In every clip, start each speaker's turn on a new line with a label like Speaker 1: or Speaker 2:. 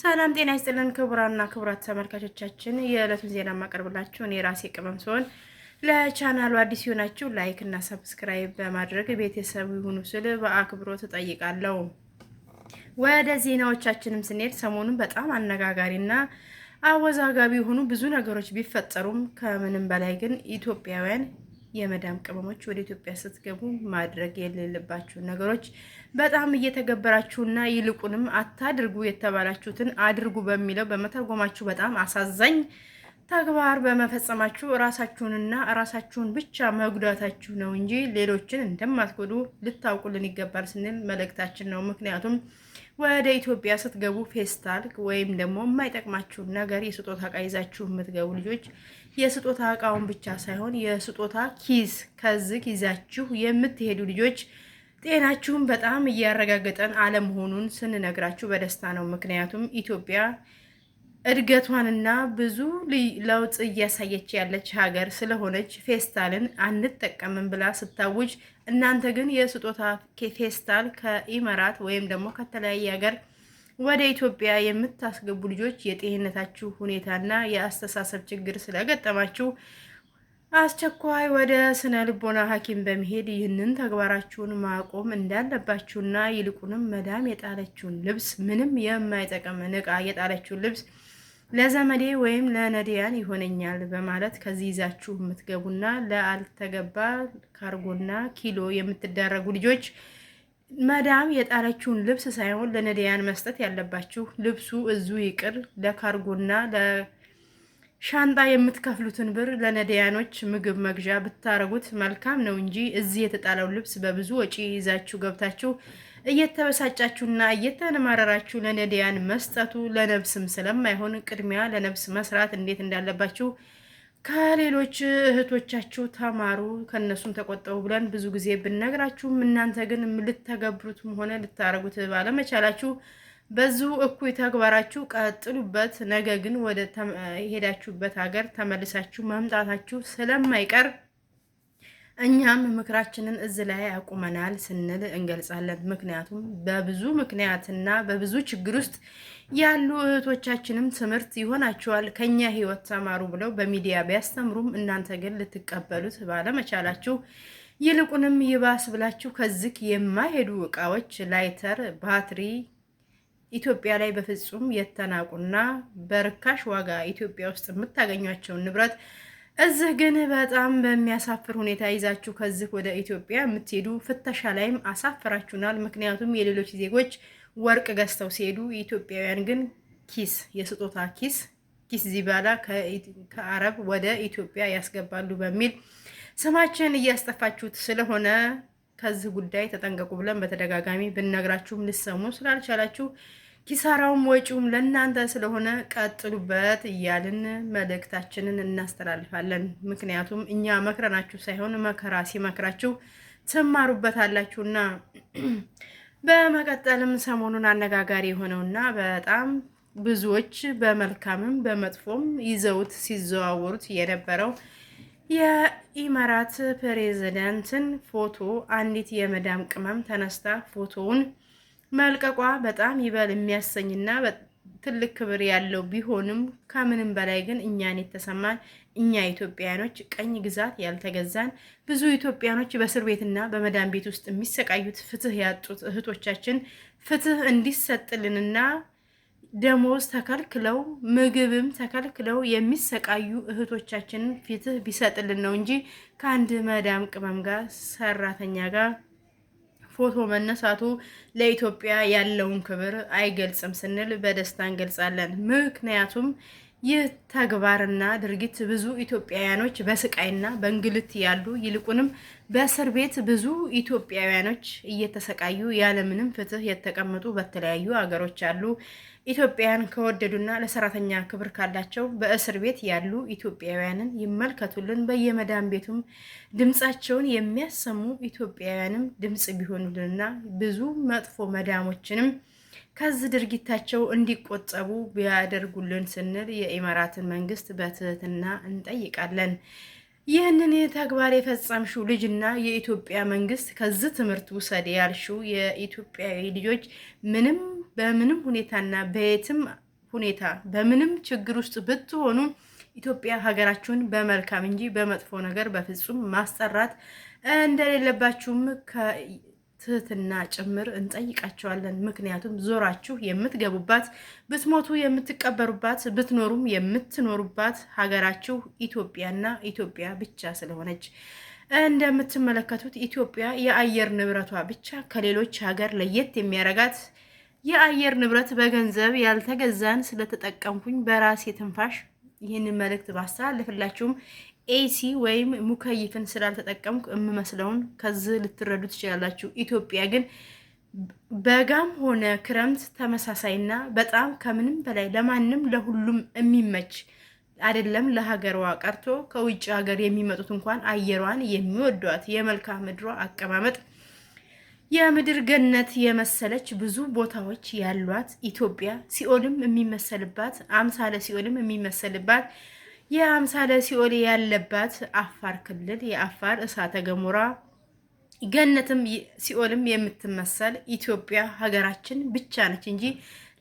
Speaker 1: ሰላም ጤና ይስጥልን ክቡራና ክቡራት ተመልካቾቻችን፣ የዕለቱን ዜና የማቀርብላችሁ እኔ ራሴ ቅመም ሲሆን ለቻናሉ አዲስ የሆናችሁ ላይክ እና ሰብስክራይብ በማድረግ ቤተሰቡ ይሁኑ ስል በአክብሮት እጠይቃለሁ። ወደ ዜናዎቻችንም ስንሄድ ሰሞኑን በጣም አነጋጋሪና አወዛጋቢ የሆኑ ብዙ ነገሮች ቢፈጠሩም ከምንም በላይ ግን ኢትዮጵያውያን የመዳም ቅመሞች ወደ ኢትዮጵያ ስትገቡ ማድረግ የሌለባችሁ ነገሮች በጣም እየተገበራችሁና ይልቁንም አታድርጉ የተባላችሁትን አድርጉ በሚለው በመተርጎማችሁ በጣም አሳዛኝ ተግባር በመፈጸማችሁ ራሳችሁንና ራሳችሁን ብቻ መጉዳታችሁ ነው እንጂ ሌሎችን እንደማትጎዱ ልታውቁልን ይገባል ስንል መልእክታችን ነው። ምክንያቱም ወደ ኢትዮጵያ ስትገቡ ፌስታል ወይም ደግሞ የማይጠቅማችሁን ነገር የስጦታ እቃ ይዛችሁ የምትገቡ ልጆች የስጦታ እቃውን ብቻ ሳይሆን የስጦታ ኪስ ከዚህ ይዛችሁ የምትሄዱ ልጆች ጤናችሁን በጣም እያረጋገጠን አለመሆኑን ስንነግራችሁ በደስታ ነው። ምክንያቱም ኢትዮጵያ እድገቷንና ብዙ ለውጥ እያሳየች ያለች ሀገር ስለሆነች ፌስታልን አንጠቀምም ብላ ስታውጅ፣ እናንተ ግን የስጦታ ፌስታል ከኢመራት ወይም ደግሞ ከተለያየ ሀገር ወደ ኢትዮጵያ የምታስገቡ ልጆች የጤንነታችሁ ሁኔታና የአስተሳሰብ ችግር ስለገጠማችሁ አስቸኳይ ወደ ስነ ልቦና ሐኪም በመሄድ ይህንን ተግባራችሁን ማቆም እንዳለባችሁና ይልቁንም መዳም የጣለችውን ልብስ ምንም የማይጠቅም እቃ የጣለችውን ልብስ ለዘመዴ ወይም ለነዲያን ይሆነኛል በማለት ከዚህ ይዛችሁ የምትገቡና ለአልተገባ ካርጎና ኪሎ የምትዳረጉ ልጆች መዳም የጣለችውን ልብስ ሳይሆን ለነዲያን መስጠት ያለባችሁ። ልብሱ እዙ ይቅር፣ ለካርጎና ለሻንጣ የምትከፍሉትን ብር ለነዲያኖች ምግብ መግዣ ብታረጉት መልካም ነው እንጂ እዚህ የተጣለው ልብስ በብዙ ወጪ ይዛችሁ ገብታችሁ እየተበሳጫችሁና እየተነማረራችሁ ለነዳያን መስጠቱ ለነብስም ስለማይሆን ቅድሚያ ለነብስ መስራት እንዴት እንዳለባችሁ ከሌሎች እህቶቻችሁ ተማሩ፣ ከእነሱም ተቆጠቡ ብለን ብዙ ጊዜ ብንነግራችሁም እናንተ ግን ልተገብሩትም ሆነ ልታረጉት ባለመቻላችሁ በዙ እኩይ ተግባራችሁ ቀጥሉበት። ነገ ግን ወደ ሄዳችሁበት ሀገር ተመልሳችሁ መምጣታችሁ ስለማይቀር እኛም ምክራችንን እዚ ላይ ያቁመናል ስንል እንገልጻለን። ምክንያቱም በብዙ ምክንያትና በብዙ ችግር ውስጥ ያሉ እህቶቻችንም ትምህርት ይሆናቸዋል። ከኛ ህይወት ተማሩ ብለው በሚዲያ ቢያስተምሩም እናንተ ግን ልትቀበሉት ባለመቻላችሁ ይልቁንም ይባስ ብላችሁ ከዚህ የማይሄዱ እቃዎች ላይተር፣ ባትሪ ኢትዮጵያ ላይ በፍጹም የተናቁና በርካሽ ዋጋ ኢትዮጵያ ውስጥ የምታገኟቸውን ንብረት እዚህ ግን በጣም በሚያሳፍር ሁኔታ ይዛችሁ ከዚህ ወደ ኢትዮጵያ የምትሄዱ ፍተሻ ላይም አሳፍራችሁናል። ምክንያቱም የሌሎች ዜጎች ወርቅ ገዝተው ሲሄዱ የኢትዮጵያውያን ግን ኪስ የስጦታ ኪስ ኪስ ዚባላ ከአረብ ወደ ኢትዮጵያ ያስገባሉ በሚል ስማችን እያስጠፋችሁት ስለሆነ ከዚህ ጉዳይ ተጠንቀቁ ብለን በተደጋጋሚ ብንነግራችሁም ልሰሙ ስላልቻላችሁ ኪሳራውም ወጪውም ለእናንተ ስለሆነ ቀጥሉበት እያልን መልእክታችንን እናስተላልፋለን። ምክንያቱም እኛ መክረናችሁ ሳይሆን መከራ ሲመክራችሁ ትማሩበታላችሁና። በመቀጠልም ሰሞኑን አነጋጋሪ የሆነውና በጣም ብዙዎች በመልካምም በመጥፎም ይዘውት ሲዘዋወሩት የነበረው የኢመራት ፕሬዝዳንትን ፎቶ አንዲት የመዳም ቅመም ተነስታ ፎቶውን መልቀቋ በጣም ይበል የሚያሰኝና ትልቅ ክብር ያለው ቢሆንም ከምንም በላይ ግን እኛን የተሰማን እኛ ኢትዮጵያኖች ቀኝ ግዛት ያልተገዛን ብዙ ኢትዮጵያኖች በእስር ቤትና በመዳን ቤት ውስጥ የሚሰቃዩት ፍትህ ያጡት እህቶቻችን ፍትህ እንዲሰጥልንና ደሞዝ ተከልክለው ምግብም ተከልክለው የሚሰቃዩ እህቶቻችንን ፍትህ ቢሰጥልን ነው እንጂ ከአንድ መዳም ቅመም ጋር ሰራተኛ ጋር ፎቶ መነሳቱ ለኢትዮጵያ ያለውን ክብር አይገልጽም ስንል በደስታ እንገልጻለን። ምክንያቱም ይህ ተግባርና ድርጊት ብዙ ኢትዮጵያውያኖች በስቃይና በእንግልት ያሉ ይልቁንም በእስር ቤት ብዙ ኢትዮጵያውያኖች እየተሰቃዩ ያለምንም ፍትህ የተቀመጡ በተለያዩ አገሮች አሉ። ኢትዮጵያን ከወደዱና ለሰራተኛ ክብር ካላቸው በእስር ቤት ያሉ ኢትዮጵያውያንን ይመልከቱልን። በየመዳን ቤቱም ድምፃቸውን የሚያሰሙ ኢትዮጵያውያንም ድምፅ ቢሆኑልንና ብዙ መጥፎ መዳሞችንም ከዚህ ድርጊታቸው እንዲቆጠቡ ቢያደርጉልን ስንል የኢማራትን መንግስት በትህትና እንጠይቃለን። ይህንን ተግባር የፈጸምሽው ልጅና የኢትዮጵያ መንግስት ከዚህ ትምህርት ውሰድ ያልሽው የኢትዮጵያዊ ልጆች ምንም በምንም ሁኔታና በየትም ሁኔታ በምንም ችግር ውስጥ ብትሆኑ ኢትዮጵያ ሀገራችሁን በመልካም እንጂ በመጥፎ ነገር በፍጹም ማስጠራት እንደሌለባችሁም ትህትና ጭምር እንጠይቃቸዋለን። ምክንያቱም ዞራችሁ የምትገቡባት ብትሞቱ የምትቀበሩባት ብትኖሩም የምትኖሩባት ሀገራችሁ ኢትዮጵያና ኢትዮጵያ ብቻ ስለሆነች እንደምትመለከቱት ኢትዮጵያ የአየር ንብረቷ ብቻ ከሌሎች ሀገር ለየት የሚያረጋት የአየር ንብረት በገንዘብ ያልተገዛን ስለተጠቀምኩኝ በራሴ ትንፋሽ ይህንን መልእክት ባስተላልፍላችሁም ኤሲ ወይም ሙከይፍን ስላልተጠቀምኩ የምመስለውን ከዚህ ልትረዱ ትችላላችሁ። ኢትዮጵያ ግን በጋም ሆነ ክረምት ተመሳሳይና በጣም ከምንም በላይ ለማንም ለሁሉም የሚመች አይደለም። ለሀገሯ ቀርቶ ከውጭ ሀገር የሚመጡት እንኳን አየሯን የሚወዷት የመልክዓ ምድሯ አቀማመጥ የምድር ገነት የመሰለች ብዙ ቦታዎች ያሏት ኢትዮጵያ ሲኦልም የሚመሰልባት አምሳለ ሲኦልም የሚመሰልባት የአምሳለ ሲኦል ያለባት አፋር ክልል የአፋር እሳተ ገሞራ ገነትም ሲኦልም የምትመሰል ኢትዮጵያ ሀገራችን ብቻ ነች እንጂ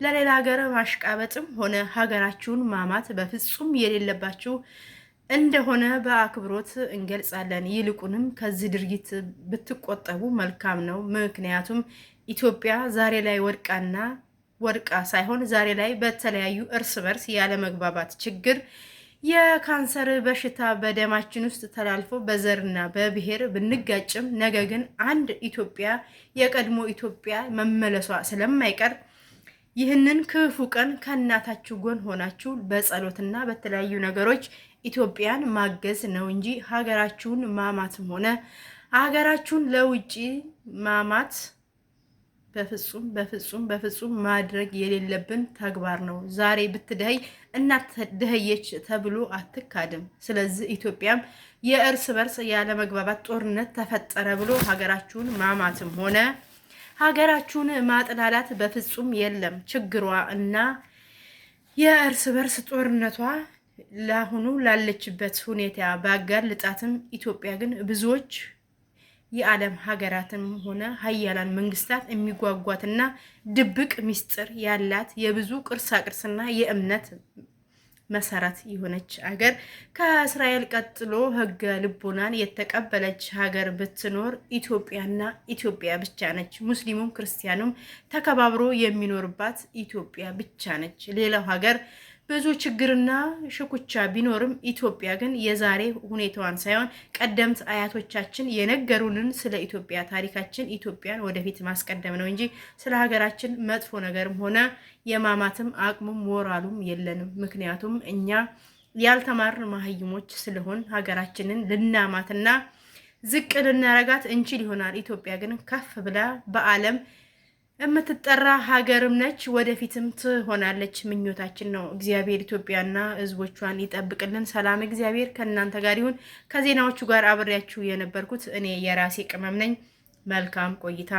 Speaker 1: ለሌላ ሀገር ማሽቃበጥም ሆነ ሀገራችሁን ማማት በፍጹም የሌለባችሁ እንደሆነ በአክብሮት እንገልጻለን። ይልቁንም ከዚህ ድርጊት ብትቆጠቡ መልካም ነው። ምክንያቱም ኢትዮጵያ ዛሬ ላይ ወድቃና ወድቃ ሳይሆን ዛሬ ላይ በተለያዩ እርስ በርስ ያለመግባባት ችግር የካንሰር በሽታ በደማችን ውስጥ ተላልፎ በዘርና በብሔር ብንጋጭም ነገ ግን አንድ ኢትዮጵያ የቀድሞ ኢትዮጵያ መመለሷ ስለማይቀር ይህንን ክፉ ቀን ከእናታችሁ ጎን ሆናችሁ በጸሎትና በተለያዩ ነገሮች ኢትዮጵያን ማገዝ ነው እንጂ ሀገራችሁን ማማትም ሆነ ሀገራችሁን ለውጭ ማማት በፍጹም በፍጹም በፍጹም ማድረግ የሌለብን ተግባር ነው። ዛሬ ብትደይ እናት ደህየች ተብሎ አትካድም። ስለዚህ ኢትዮጵያም የእርስ በርስ ያለመግባባት ጦርነት ተፈጠረ ብሎ ሀገራችሁን ማማትም ሆነ ሀገራችሁን ማጥላላት በፍጹም የለም። ችግሯ እና የእርስ በርስ ጦርነቷ ለአሁኑ ላለችበት ሁኔታ ባጋልጣትም ልጣትም ኢትዮጵያ ግን ብዙዎች የዓለም ሀገራትም ሆነ ሀያላን መንግስታት የሚጓጓትና ድብቅ ሚስጥር ያላት የብዙ ቅርሳቅርስና የእምነት መሰረት የሆነች ሀገር ከእስራኤል ቀጥሎ ህገ ልቦናን የተቀበለች ሀገር ብትኖር ኢትዮጵያና ኢትዮጵያ ብቻ ነች። ሙስሊሙም ክርስቲያኑም ተከባብሮ የሚኖርባት ኢትዮጵያ ብቻ ነች። ሌላው ሀገር ብዙ ችግርና ሽኩቻ ቢኖርም ኢትዮጵያ ግን የዛሬ ሁኔታዋን ሳይሆን ቀደምት አያቶቻችን የነገሩንን ስለ ኢትዮጵያ ታሪካችን ኢትዮጵያን ወደፊት ማስቀደም ነው እንጂ ስለ ሀገራችን መጥፎ ነገርም ሆነ የማማትም አቅሙም ሞራሉም የለንም። ምክንያቱም እኛ ያልተማርን ማህይሞች ስለሆን ሀገራችንን ልናማትና ዝቅ ልናረጋት እንችል ይሆናል። ኢትዮጵያ ግን ከፍ ብላ በዓለም የምትጠራ ሀገርም ነች፣ ወደፊትም ትሆናለች። ምኞታችን ነው። እግዚአብሔር ኢትዮጵያና ሕዝቦቿን ይጠብቅልን። ሰላም እግዚአብሔር ከእናንተ ጋር ይሁን። ከዜናዎቹ ጋር አብሬያችሁ የነበርኩት እኔ የራሴ ቅመም ነኝ። መልካም ቆይታ